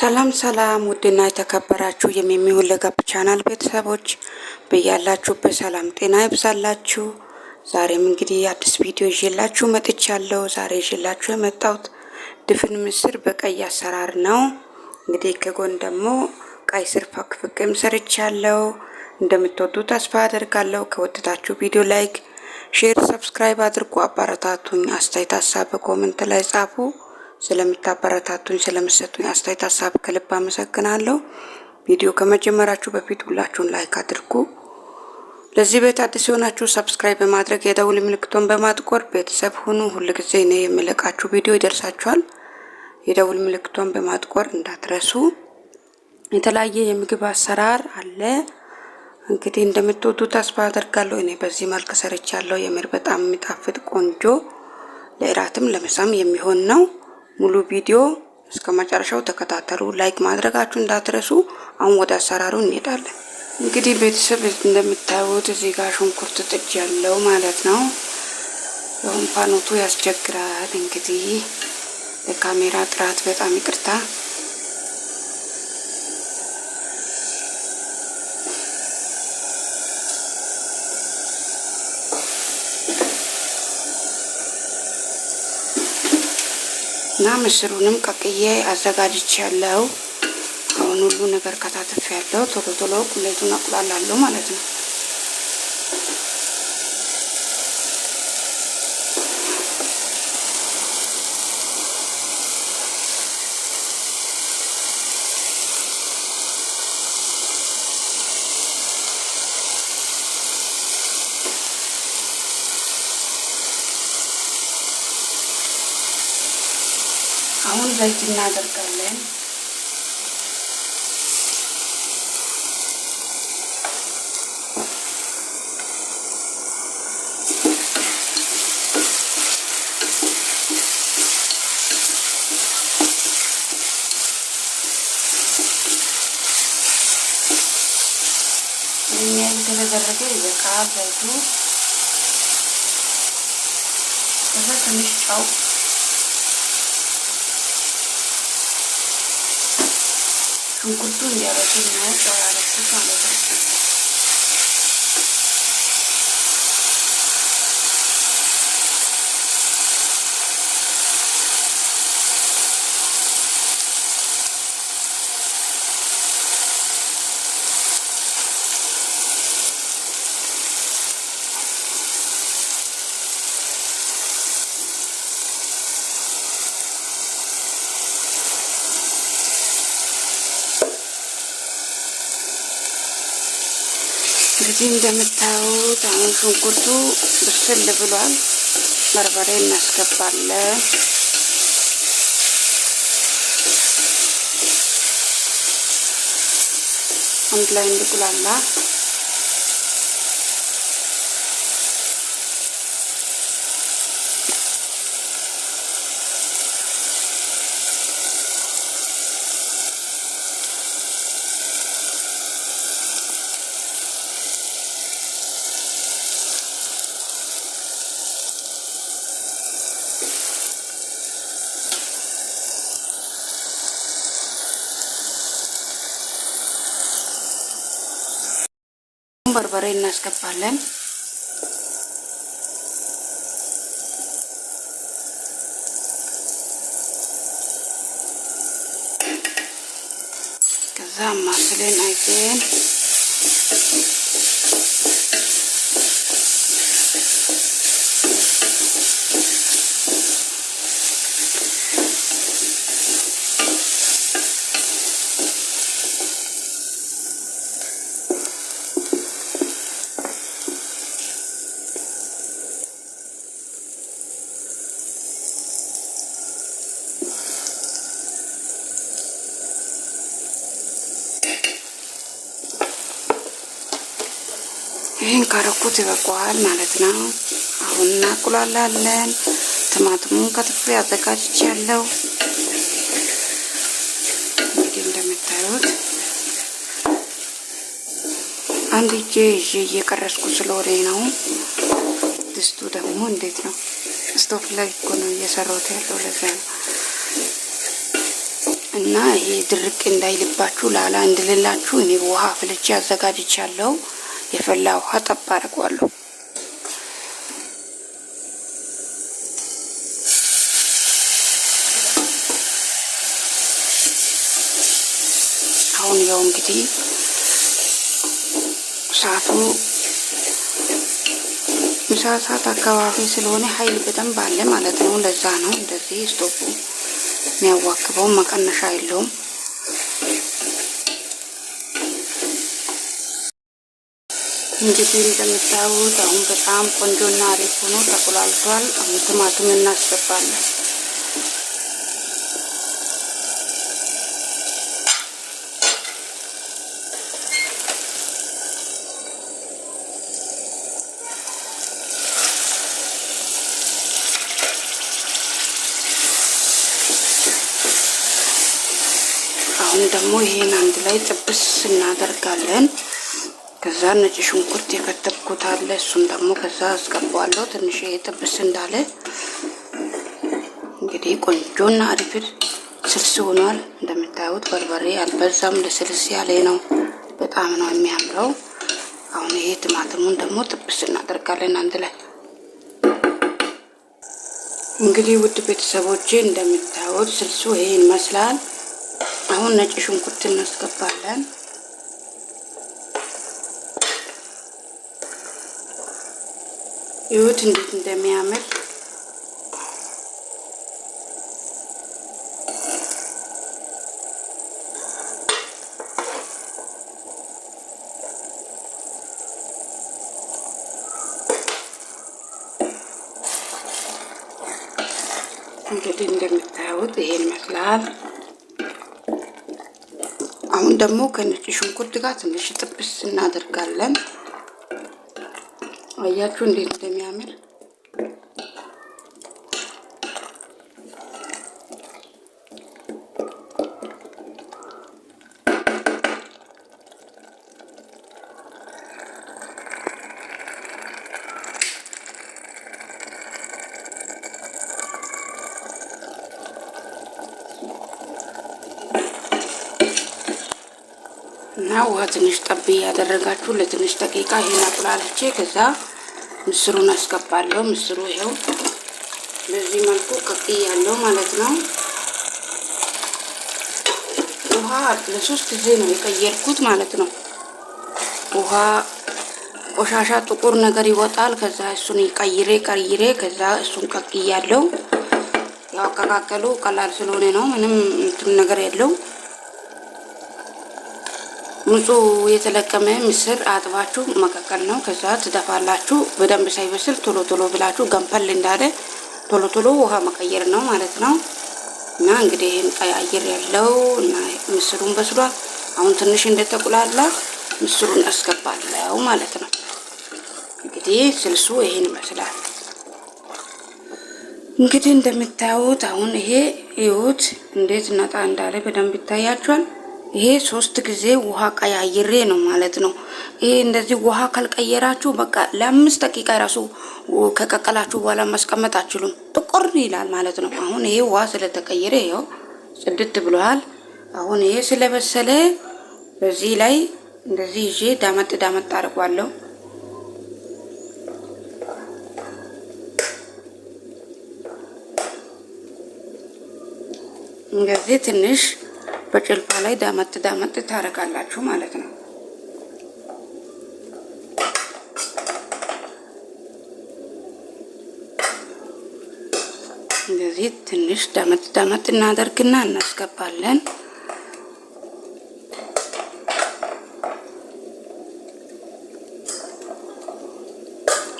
ሰላም ሰላም ውድና የተከበራችሁ የሚሚውን ቻናል ቤተሰቦች በያላችሁበት ሰላም ጤና ይብዛላችሁ። ዛሬም እንግዲህ አዲስ ቪዲዮ ይዤላችሁ መጥቻለሁ። ዛሬ ይዤላችሁ የመጣሁት ድፍን ምስር በቀይ አሰራር ነው። እንግዲህ ከጎን ደግሞ ቀይ ስር ፍቅም ሰርቻለሁ። እንደምትወዱ ተስፋ አደርጋለሁ። ከወደዳችሁ ቪዲዮ ላይክ፣ ሼር፣ ሰብስክራይብ አድርጉ። አበረታቱኝ። አስተያየት ሀሳብ በኮመንት ላይ ጻፉ። ስለምታበረታቱኝ ስለምሰጡኝ አስተያየት ሀሳብ ከልብ አመሰግናለሁ። ቪዲዮ ከመጀመራችሁ በፊት ሁላችሁን ላይክ አድርጉ። ለዚህ ቤት አዲስ የሆናችሁ ሰብስክራይብ በማድረግ የደውል ምልክቱን በማጥቆር ቤተሰብ ሁኑ። ሁልጊዜ እኔ የምለቃችሁ ቪዲዮ ይደርሳችኋል። የደውል ምልክቱን በማጥቆር እንዳትረሱ። የተለያየ የምግብ አሰራር አለ። እንግዲህ እንደምትወዱ ተስፋ አደርጋለሁ። እኔ በዚህ መልክ ሰርቻለሁ። የምር በጣም የሚጣፍጥ ቆንጆ፣ ለእራትም ለምሳም የሚሆን ነው። ሙሉ ቪዲዮ እስከ መጨረሻው ተከታተሉ። ላይክ ማድረጋችሁ እንዳትረሱ። አሁን ወደ አሰራሩ እንሄዳለን። እንግዲህ ቤተሰብ እንደምታዩት እዚህ ጋር ሽንኩርት ጥጅ ያለው ማለት ነው። የሆምፓኖቱ ያስቸግራል። እንግዲህ ለካሜራ ጥራት በጣም ይቅርታ እና ምስሩንም ቀቅዬ አዘጋጅች ያለው አሁን ሁሉ ነገር ከታተፍ ያለው ቶሎ ቶሎ ቁሌቱን አቁላላለሁ ማለት ነው። ಲೈಟಿಂಗ್ ಆಗತ್ತಲ್ಲೇ ಮೇಲೆ ಬರೋಕ್ಕೆ ಈಗ ಕಾರ್ ರೈಟು ಎಲ್ಲ ಕನಿಷ್ಠ 从过冬了，就买高雅的服装了。እዚህ እንደምታዩት አሁን ሽንኩርቱ ብስል ብሏል። በርበሬ እናስገባለን። አንድ ላይ እንዲቁላላ በርበሬ እናስገባለን። ከዛ ማስለን አይቴን ካረኩት ይበቋል ማለት ነው። አሁን እናቁላላለን። ቲማቲሙን ከትፌ አዘጋጅቼ ያለው እንግዲህ እንደምታዩት አንድ እጄ ይዤ እየቀረስኩ ስለሆነ ነው። ድስቱ ደግሞ እንዴት ነው ስቶፍ ላይ እኮ ነው እየሰራሁት ያለው ለዛ ነው። እና ይሄ ድርቅ እንዳይልባችሁ ላላ እንድልላችሁ እኔ ውሃ ፍልቼ አዘጋጅቻለሁ። የፈላ ውሃ ጠብ አድርጓለሁ። አሁን ያው እንግዲህ ሰዓቱ ምሳ ሰዓት አካባቢ ስለሆነ ኃይል በደንብ አለ ማለት ነው። ለዛ ነው እንደዚህ ስቶፑ የሚያዋክበው መቀነሻ የለውም። እንግዲህ እንደምታዩት አሁን በጣም ቆንጆና አሪፍ ሆኖ ተቆላልቷል። አሁን ቲማቲም እናስገባለን። አሁን ደግሞ ይሄን አንድ ላይ ጥብስ እናደርጋለን። ከዛ ነጭ ሽንኩርት የከተብኩት አለ። እሱም ደግሞ ከዛ አስገባዋለሁ። ትንሽ ጥብስ እንዳለ እንግዲህ ቆንጆና አሪፍ ስልስ ሆኗል። እንደምታዩት በርበሬ አልበዛም፣ ለስልስ ያለ ነው። በጣም ነው የሚያምረው። አሁን ይሄ ቲማቲሙን ደግሞ ጥብስ እናደርጋለን አንድ ላይ። እንግዲህ ውድ ቤተሰቦቼ እንደምታዩት ስልሱ ይሄ ይመስላል። አሁን ነጭ ሽንኩርት እናስገባለን። ይሁት እንዴት እንደሚያምር እንግዲህ እንደምታዩት ይሄን ይመስላል። አሁን ደግሞ ከነጭ ሽንኩርት ጋር ትንሽ ጥብስ እናደርጋለን። አያችሁ እንዴት እንደሚያምር እና ውሃ ትንሽ ጠብ እያደረጋችሁ ለትንሽ ደቂቃ ይሄን አቁላልቼ ከዛ ምስሩን አስገባለሁ። ምስሩ ይኸው በዚህ መልኩ ቀቅ ያለው ማለት ነው። ውሃ ለሶስት ጊዜ ነው የቀየርኩት ማለት ነው። ውሃ ቆሻሻ ጥቁር ነገር ይወጣል። ከዛ እሱን ቀይሬ ቀይሬ ከዛ እሱን ቀቅ ያለው ያው አቀቃቀሉ ቀላል ስለሆነ ነው። ምንም እንትን ነገር ያለው? ንጹህ የተለቀመ ምስር አጥባችሁ መቀቀል ነው። ከዛ ትደፋላችሁ። በደንብ ሳይበስል ቶሎ ቶሎ ብላችሁ ገንፈል እንዳለ ቶሎ ቶሎ ውሃ መቀየር ነው ማለት ነው። እና እንግዲህ ይህን ቀያየር ያለው እና ምስሩን በስሏል። አሁን ትንሽ እንደተቁላላ ምስሩን አስገባለው ማለት ነው። እንግዲህ ስልሱ ይሄን ይመስላል። እንግዲህ እንደምታዩት አሁን ይሄ ይሁት እንዴት ነጣ እንዳለ በደንብ ይታያችኋል። ይሄ ሶስት ጊዜ ውሃ ቀያይሬ ነው ማለት ነው። ይሄ እንደዚህ ውሃ ካልቀየራችሁ በቃ ለአምስት ደቂቃ ራሱ ከቀቀላችሁ በኋላ ማስቀመጥ አችሉም፣ ጥቁር ይላል ማለት ነው። አሁን ይሄ ውሃ ስለተቀየረ ይኸው ጽድት ብሏል አሁን ይሄ ስለበሰለ በዚህ ላይ እንደዚህ ይዤ ዳመጥ ዳመጥ አድርጓለሁ። እንደዚህ ትንሽ በጭልፋ ላይ ዳመጥ ዳመጥ ታደርጋላችሁ ማለት ነው። እንደዚህ ትንሽ ዳመጥ ዳመጥ እናደርግና እናስገባለን።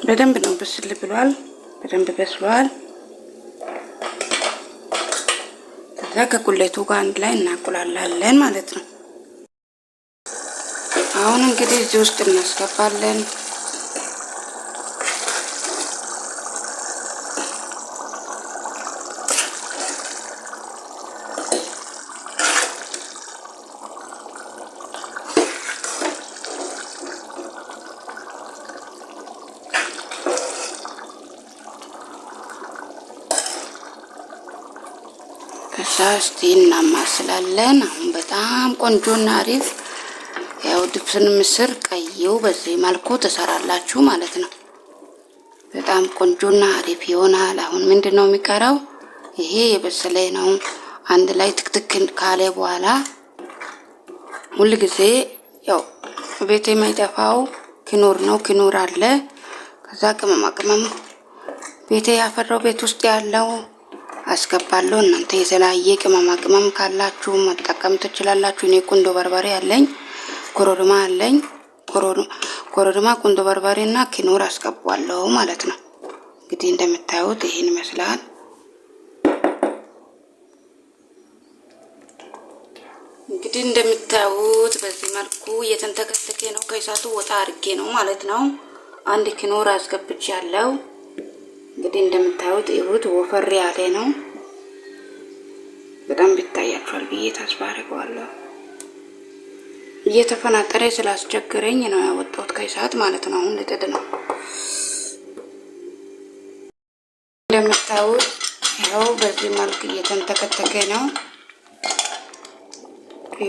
በደንብ ነው ብስል ብሏል። በደንብ በስሏል። ከዛ ከቁሌቱ ጋር አንድ ላይ እናቁላላለን ማለት ነው። አሁን እንግዲህ እዚህ ውስጥ እናስገባለን። ከዛ እስቲ እናማስላለን። አሁን በጣም ቆንጆና አሪፍ ያው ድፍን ምስር ቀይው በዚህ መልኩ ትሰራላችሁ ማለት ነው። በጣም ቆንጆና አሪፍ ይሆናል። አሁን ምንድን ነው የሚቀረው? ይሄ የበሰለ ነው። አንድ ላይ ትክትክ ካለ በኋላ ሁል ጊዜ ያው ቤት የማይጠፋው ኪኖር ነው። ኪኖር አለ። ከዛ ቅመማ ቅመም ቤቴ ያፈራው ቤት ውስጥ ያለው አስገባለሁ። እናንተ የተለያየ ቅመማ ቅመም ካላችሁ መጠቀም ትችላላችሁ። እኔ ቁንዶ በርበሬ አለኝ፣ ኮሮድማ አለኝ። ኮሮድማ ቁንዶ በርበሬ እና ኪኖር አስገባለሁ ማለት ነው። እንግዲህ እንደምታዩት ይህን ይመስላል። እንግዲህ እንደምታዩት በዚህ መልኩ እየተንተከተከ ነው። ከእሳቱ ወጣ አድርጌ ነው ማለት ነው። አንድ ኪኖር አስገብች ያለው እንግዲህ እንደምታዩት ይሁት ወፈር ያለ ነው። በጣም ይታያችኋል ብዬ ተስፋ አድርገዋለሁ። እየተፈናጠረ ስላስቸገረኝ ነው ያወጣሁት ሰዓት ማለት ነው። አሁን ልጥድ ነው። እንደምታዩት ይኸው በዚህ መልክ እየተንተከተከ ነው።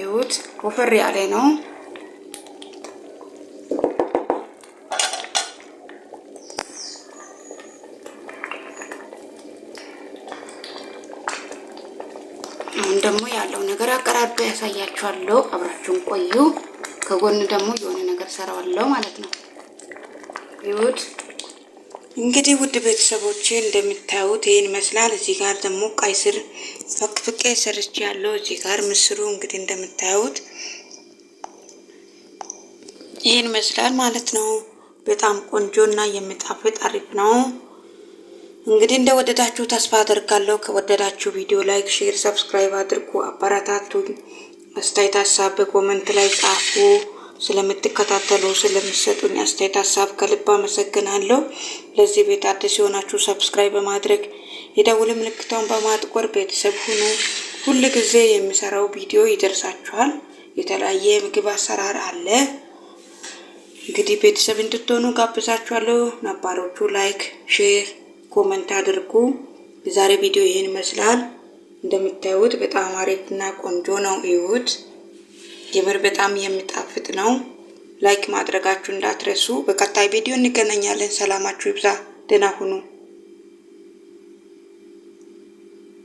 ይሁት ወፈር ያለ ነው። ነገር አቀራርቤ ያሳያችኋለሁ። አብራችሁን ቆዩ። ከጎን ደግሞ የሆነ ነገር ሰራዋለሁ ማለት ነው። ይሁድ እንግዲህ ውድ ቤተሰቦቼ እንደምታዩት ይህን ይመስላል። እዚህ ጋር ደግሞ ቀይ ስር ፈቅፍቄ ሰርች ያለው እዚህ ጋር ምስሩ እንግዲህ እንደምታዩት ይህን ይመስላል ማለት ነው። በጣም ቆንጆ እና የሚጣፍጥ አሪፍ ነው። እንግዲህ እንደወደዳችሁ ተስፋ አደርጋለሁ። ከወደዳችሁ ቪዲዮ ላይክ፣ ሼር፣ ሰብስክራይብ አድርጉ። አበረታቱኝ። አስተያየት ሀሳብ በኮመንት ላይ ጻፉ። ስለምትከታተሉ ስለምትሰጡኝ አስተያየት ሀሳብ ከልብ አመሰግናለሁ። ለዚህ ቤት አዲስ የሆናችሁ ሰብስክራይብ በማድረግ የደውል ምልክታውን በማጥቆር ቤተሰብ ሁኑ። ሁል ጊዜ የሚሰራው ቪዲዮ ይደርሳችኋል። የተለያየ ምግብ አሰራር አለ። እንግዲህ ቤተሰብ እንድትሆኑ ጋብዛችኋለሁ። ነባሮቹ ላይክ ሼር ኮመንት አድርጉ። የዛሬ ቪዲዮ ይሄን ይመስላል። እንደምታዩት በጣም አሪፍና ቆንጆ ነው። እዩት፣ የምር በጣም የሚጣፍጥ ነው። ላይክ ማድረጋችሁ እንዳትረሱ። በቀጣይ ቪዲዮ እንገናኛለን። ሰላማችሁ ይብዛ። ደህና ሁኑ።